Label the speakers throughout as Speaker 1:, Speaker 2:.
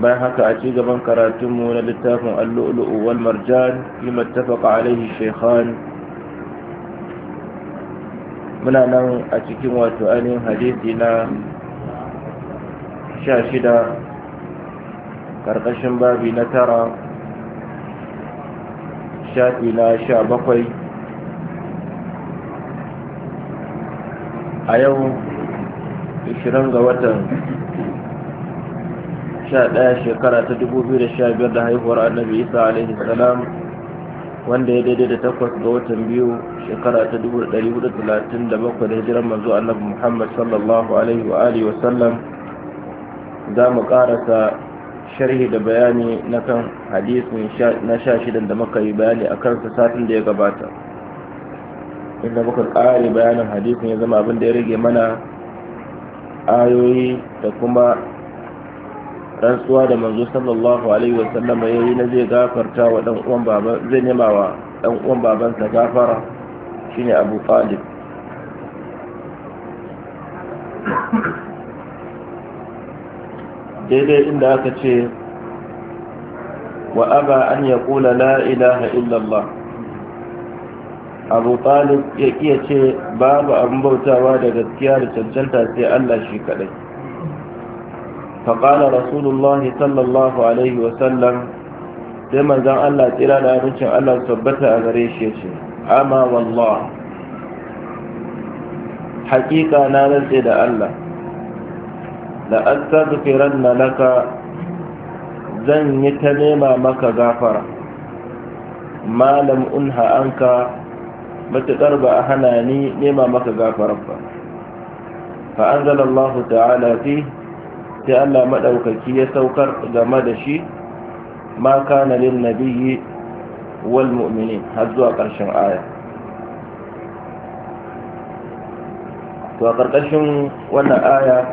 Speaker 1: bayan haka a ci gaban karatunmu na littafin allu'ulu'u wal marjan fi mattafaka alaihi shekhan muna nan a cikin wato ainihin hadisi na sha shida karkashin babi na tara shafi na sha bakwai a yau 20 ga watan 11 shekara ta 2015 da haihuwar annabi isa alaihi salam wanda ya daidai da takwas ga watan biyu shekara ta 1437 da hijiran manzo annabi muhammad sallallahu alaihi wa alihi wa sallam za mu karasa sharhi da bayani na kan hadisun na sha shidan da maka yi bayani a kansa satin da ya gabata inda muka kare bayanin hadisun ya zama abin da ya rage mana ayoyi da kuma rantsuwa da manzo sallallahu alaihi wasallam ya yi na zai gafarta wa dan uwan baba zai nema wa dan uwan sa gafara shine Abu Talib daidai inda aka ce wa aba an ya kula la ilaha illallah abu talib ya iya ce babu abin bautawa da gaskiya da cancanta sai allah shi kadai فقال رسول الله صلى الله عليه وسلم لما زان الله تلا لا نشان الله ثبت أغريش يشي أما والله حقيقة نالت إلى الله لأستغفرن لك zan yi ta nema maka gafara malam unha anka matuƙar ba a hana ni nema maka gafara ba fa'anzan Allah ta'ala fi sai Allah maɗaukaki ya saukar game da shi ma kana lil nabiyyi wal mu'minin har zuwa ƙarshen aya to a ƙarƙashin wannan aya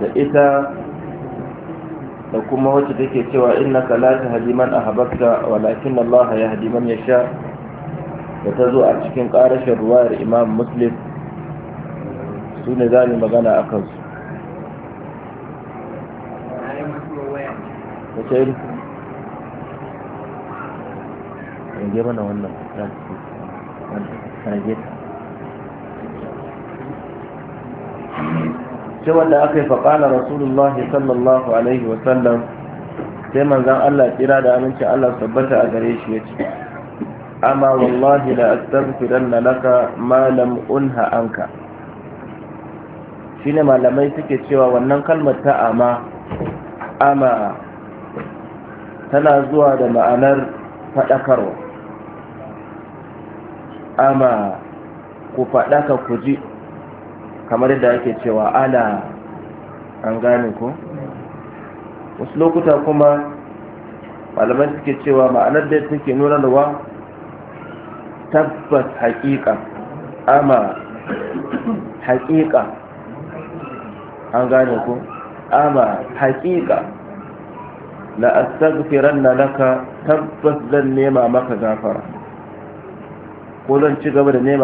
Speaker 1: da ita da kuma wacce take cewa innaka la tahdi man ahbabta walakin Allah yahdi man yasha da ta zo a cikin ƙarashin ruwayar Imam Muslim su ne za magana a kansu alkhairi gaba na wannan wanda aka yi faƙala rasulullahi sallallahu alaihi wasallam sai manzan Allah tsira da aminci Allah sabbata a gare shi ya ce amma wallahi la astaghfiran laka ma lam unha anka shine malamai suke cewa wannan kalmar ta amma tana zuwa da ma'anar faɗakarwa amma ku faɗaka ku ji kamar yadda ake cewa ala an gane ku wasu lokuta kuma malaman suke cewa ma'anar da take wa, tabbas haƙiƙa amma haƙiƙa an gane ku amma haƙiƙa la astaghfiranna laka tabbas zan nema maka gafara ko zan ci gaba da nema